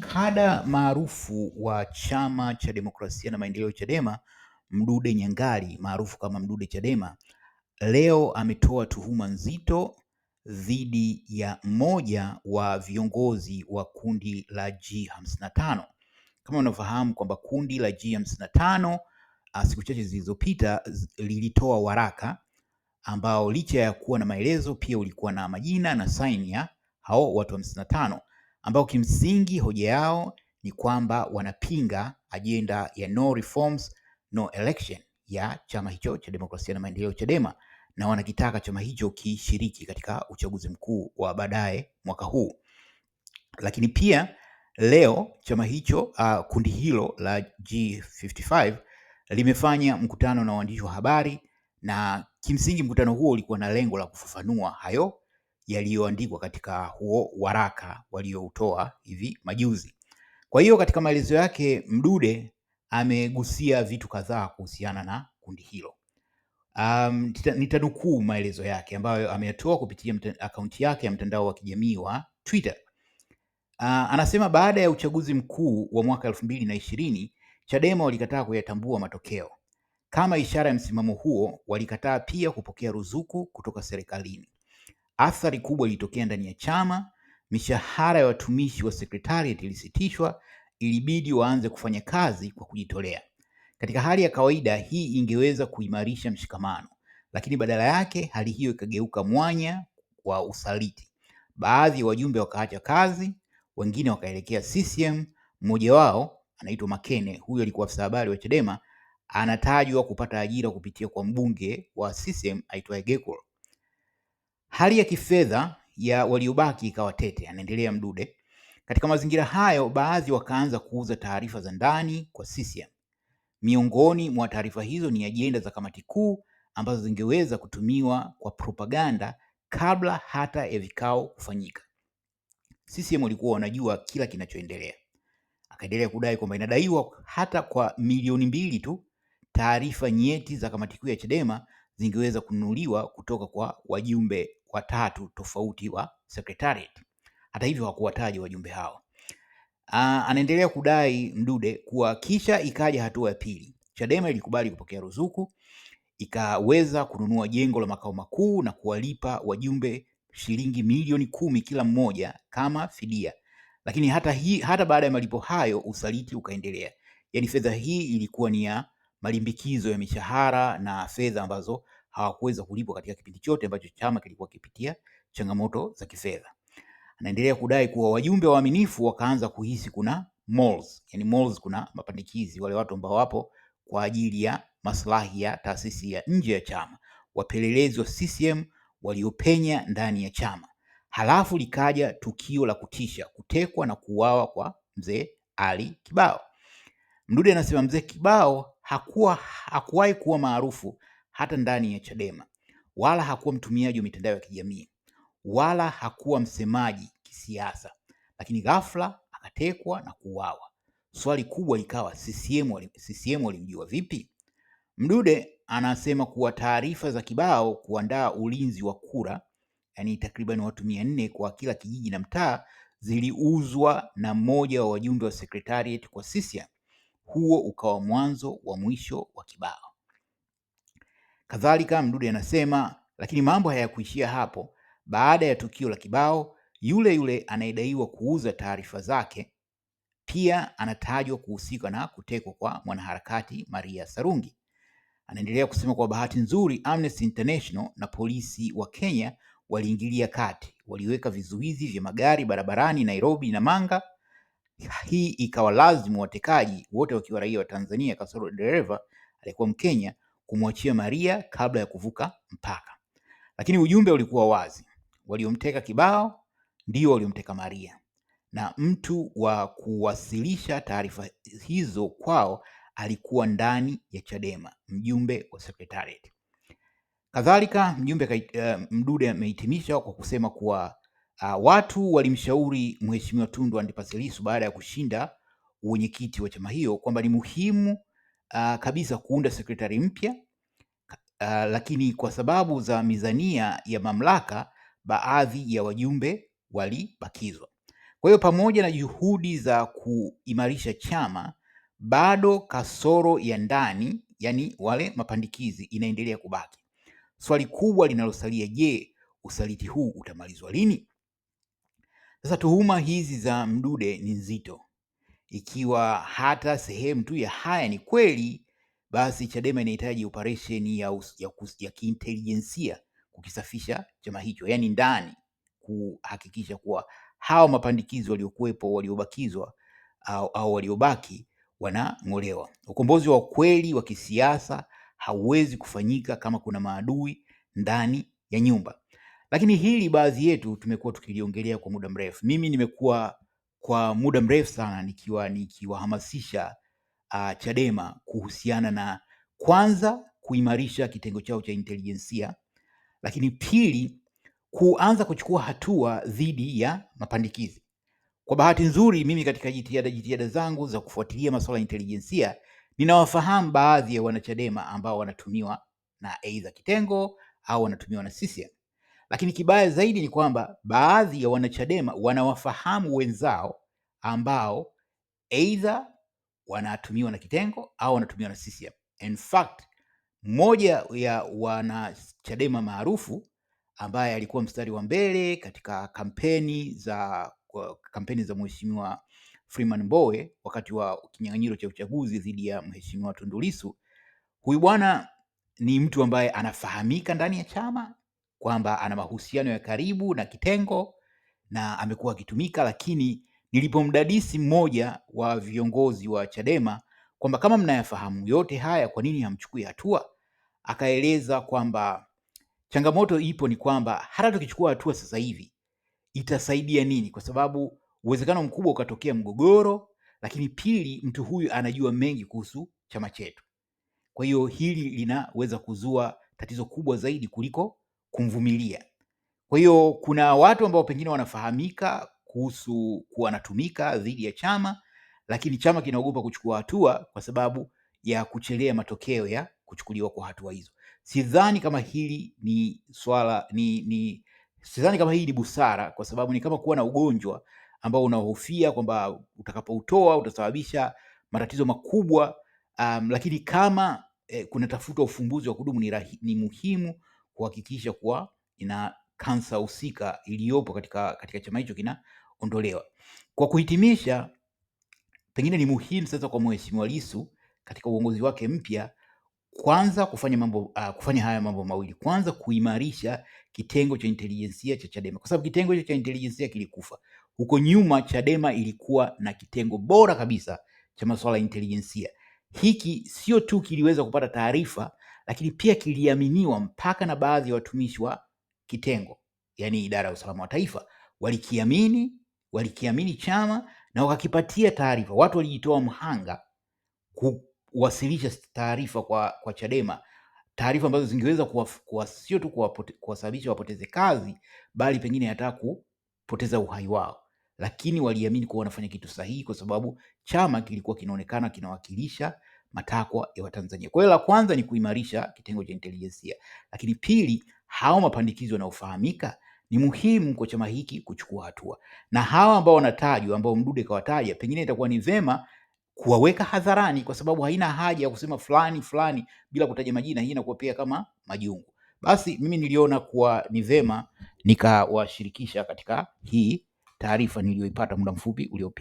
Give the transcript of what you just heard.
Kada maarufu wa chama cha demokrasia na maendeleo Chadema, Mdude Nyangali maarufu kama Mdude Chadema, leo ametoa tuhuma nzito dhidi ya mmoja wa viongozi wa kundi la G55. Kama unafahamu kwamba kundi la G55 ah, siku chache zilizopita lilitoa waraka ambao licha ya kuwa na maelezo pia ulikuwa na majina na saini ya hao watu 55 ambao kimsingi hoja yao ni kwamba wanapinga ajenda ya no reforms no election ya chama hicho cha demokrasia na maendeleo Chadema, na wanakitaka chama hicho kishiriki katika uchaguzi mkuu wa baadaye mwaka huu. Lakini pia leo chama hicho uh, kundi hilo la G55 limefanya mkutano na waandishi wa habari, na kimsingi mkutano huo ulikuwa na lengo la kufafanua hayo yaliyoandikwa katika huo waraka walioutoa hivi majuzi. Kwa hiyo katika maelezo yake Mdude amegusia vitu kadhaa kuhusiana na kundi hilo. Um, nitanukuu maelezo yake ambayo ameyatoa kupitia akaunti yake ya mtandao wa kijamii wa Twitter. Uh, anasema baada ya uchaguzi mkuu wa mwaka elfu mbili na ishirini Chadema walikataa kuyatambua matokeo. Kama ishara ya msimamo huo, walikataa pia kupokea ruzuku kutoka serikalini. Athari kubwa ilitokea ndani ya chama. Mishahara ya watumishi wa sekretarieti ilisitishwa, ilibidi waanze kufanya kazi kwa kujitolea. Katika hali ya kawaida, hii ingeweza kuimarisha mshikamano, lakini badala yake hali hiyo ikageuka mwanya wa usaliti. Baadhi ya wajumbe wakaacha kazi, wengine wakaelekea CCM. Mmoja wao anaitwa Makene, huyo alikuwa afisa habari wa Chadema, anatajwa kupata ajira kupitia kwa mbunge wa CCM aitwaye Gekul. Hali ya kifedha ya waliobaki ikawa tete, anaendelea Mdude. Katika mazingira hayo, baadhi wakaanza kuuza taarifa za ndani kwa CCM. Miongoni mwa taarifa hizo ni ajenda za kamati kuu ambazo zingeweza kutumiwa kwa propaganda kabla hata ya vikao kufanyika. CCM walikuwa wanajua kila kinachoendelea. Akaendelea kudai kwamba inadaiwa hata kwa milioni mbili tu taarifa nyeti za kamati kuu ya Chadema zingeweza kununuliwa kutoka kwa wajumbe watatu tofauti wa Secretariat. Hata hivyo hakuwataja wajumbe hao. anaendelea kudai Mdude kuwa kisha ikaja hatua ya pili, Chadema ilikubali kupokea ruzuku ikaweza kununua jengo la makao makuu na kuwalipa wajumbe shilingi milioni kumi kila mmoja kama fidia. Lakini hata, hii, hata baada ya malipo hayo usaliti ukaendelea. Yaani fedha hii ilikuwa ni ya malimbikizo ya mishahara na fedha ambazo hawakuweza kulipwa katika kipindi chote ambacho chama kilikuwa kipitia changamoto za kifedha. Anaendelea kudai kuwa wajumbe waaminifu wakaanza kuhisi kuna moles, yani moles, kuna mapandikizi, wale watu ambao wapo kwa ajili ya maslahi ya taasisi ya nje ya chama, wapelelezi wa CCM waliopenya ndani ya chama. Halafu likaja tukio la kutisha, kutekwa na kuuawa kwa mzee Ali Kibao. Mdude anasema mzee Kibao hakuwa hakuwahi kuwa maarufu, hata ndani ya Chadema, wala hakuwa mtumiaji wa mitandao ya kijamii, wala hakuwa msemaji kisiasa, lakini ghafla akatekwa na kuuawa. Swali kubwa ikawa CCM, CCM walimjua vipi? Mdude anasema kuwa taarifa za kibao kuandaa ulinzi wa kura, yani takriban watu mia nne kwa kila kijiji na mtaa, ziliuzwa na mmoja wa wajumbe wa secretariat kwa CCM. Huo ukawa mwanzo wa mwisho wa kibao. Kadhalika, Mdude anasema lakini mambo hayakuishia hapo. Baada ya tukio la kibao, yule yule anayedaiwa kuuza taarifa zake pia anatajwa kuhusika na kutekwa kwa mwanaharakati Maria Sarungi. Anaendelea kusema kwa bahati nzuri, Amnesty International na polisi wa Kenya waliingilia kati, waliweka vizuizi vya magari barabarani Nairobi na Manga. Hii ikawa lazima watekaji wote wakiwa raia wa Tanzania kasoro dereva aliyekuwa Mkenya kumwachia Maria kabla ya kuvuka mpaka. Lakini ujumbe ulikuwa wazi, waliomteka Kibao ndio waliomteka Maria, na mtu wa kuwasilisha taarifa hizo kwao alikuwa ndani ya Chadema, mjumbe wa secretariat. Kadhalika mjumbe uh, Mdude amehitimisha kwa kusema kuwa uh, watu walimshauri Mheshimiwa Tundu Antipas Lissu baada ya kushinda uwenyekiti wa chama hiyo kwamba ni muhimu uh, kabisa kuunda sekretari mpya uh, lakini kwa sababu za mizania ya mamlaka baadhi ya wajumbe walibakizwa. Kwa hiyo pamoja na juhudi za kuimarisha chama, bado kasoro ya ndani, yani wale mapandikizi, inaendelea kubaki. Swali kubwa linalosalia, je, usaliti huu utamalizwa lini? Sasa tuhuma hizi za Mdude ni nzito ikiwa hata sehemu tu ya haya ni kweli, basi Chadema inahitaji operesheni ya, ya, ya kiintelijensia kukisafisha chama hicho, yaani ndani kuhakikisha kuwa hawa mapandikizo waliokuwepo, waliobakizwa au, au waliobaki wanang'olewa. Ukombozi wa kweli wa kisiasa hauwezi kufanyika kama kuna maadui ndani ya nyumba. Lakini hili baadhi yetu tumekuwa tukiliongelea kwa muda mrefu. Mimi nimekuwa kwa muda mrefu sana nikiwa nikiwahamasisha uh, Chadema kuhusiana na kwanza kuimarisha kitengo chao cha intelijensia, lakini pili kuanza kuchukua hatua dhidi ya mapandikizi. Kwa bahati nzuri, mimi katika jitihada jitihada zangu za kufuatilia masuala ya intelijensia ninawafahamu baadhi ya wanachadema ambao wanatumiwa na aidha kitengo au wanatumiwa na CCM. Lakini kibaya zaidi ni kwamba baadhi ya wanachadema wanawafahamu wenzao ambao eidha wanatumiwa na kitengo au wanatumiwa na CCM. In fact, mmoja ya wanachadema maarufu ambaye alikuwa mstari wa mbele katika kampeni za kampeni za Mheshimiwa Freeman Mbowe wakati wa kinyang'anyiro cha uchaguzi dhidi ya Mheshimiwa Tundu Lissu. Huyu bwana ni mtu ambaye anafahamika ndani ya chama kwamba ana mahusiano ya karibu na kitengo na amekuwa akitumika, lakini nilipomdadisi mmoja wa viongozi wa Chadema kwamba kama mnayafahamu yote haya, kwa nini hamchukui hatua? Akaeleza kwamba changamoto ipo ni kwamba hata tukichukua hatua sasa hivi itasaidia nini? Kwa sababu uwezekano mkubwa ukatokea mgogoro, lakini pili, mtu huyu anajua mengi kuhusu chama chetu. Kwa hiyo hili linaweza kuzua tatizo kubwa zaidi kuliko kumvumilia. Kwa hiyo kuna watu ambao pengine wanafahamika kuhusu kuwa wanatumika dhidi ya chama, lakini chama kinaogopa kuchukua hatua kwa sababu ya kuchelea matokeo ya kuchukuliwa kwa hatua hizo. Sidhani kama hili ni swala ni, ni sidhani kama hii ni busara, kwa sababu ni kama kuwa na ugonjwa ambao unahofia kwamba utakapoutoa utasababisha matatizo makubwa. Um, lakini kama eh, kunatafuta ufumbuzi wa kudumu ni, rahi, ni muhimu kuhakikisha kuwa ina kansa husika iliyopo katika, katika chama hicho kinaondolewa. Kwa kuhitimisha, pengine ni muhimu sasa kwa Mheshimiwa Lissu katika uongozi wake mpya kwanza kufanya mambo uh, kufanya haya mambo mawili. Kwanza kuimarisha kitengo cha intelijensia cha Chadema, kwa sababu kitengo hicho cha intelijensia kilikufa. Huko nyuma Chadema ilikuwa na kitengo bora kabisa cha masuala ya intelijensia. Hiki sio tu kiliweza kupata taarifa, lakini pia kiliaminiwa mpaka na baadhi ya watumishi wa kitengo, yani idara ya usalama wa taifa, walikiamini walikiamini chama na wakakipatia taarifa. Watu walijitoa mhanga kuwasilisha taarifa kwa, kwa Chadema, taarifa ambazo zingeweza sio tu kuwasababisha wapoteze kazi, bali pengine hata kupoteza uhai wao, lakini waliamini kuwa wanafanya kitu sahihi, kwa sababu chama kilikuwa kinaonekana kinawakilisha matakwa ya Watanzania. Kwa hiyo la kwanza ni kuimarisha kitengo cha intelijensia, lakini pili, hao mapandikizo yanayofahamika ni muhimu kwa chama hiki kuchukua hatua, na hawa ambao wanatajwa, ambao Mdude kawataja, pengine itakuwa ni vema kuwaweka hadharani, kwa sababu haina haja ya kusema fulani fulani bila kutaja majina. Hii inakuwa pia kama majungu. Basi mimi niliona kuwa ni vema nikawashirikisha katika hii taarifa niliyoipata muda mfupi uliopita.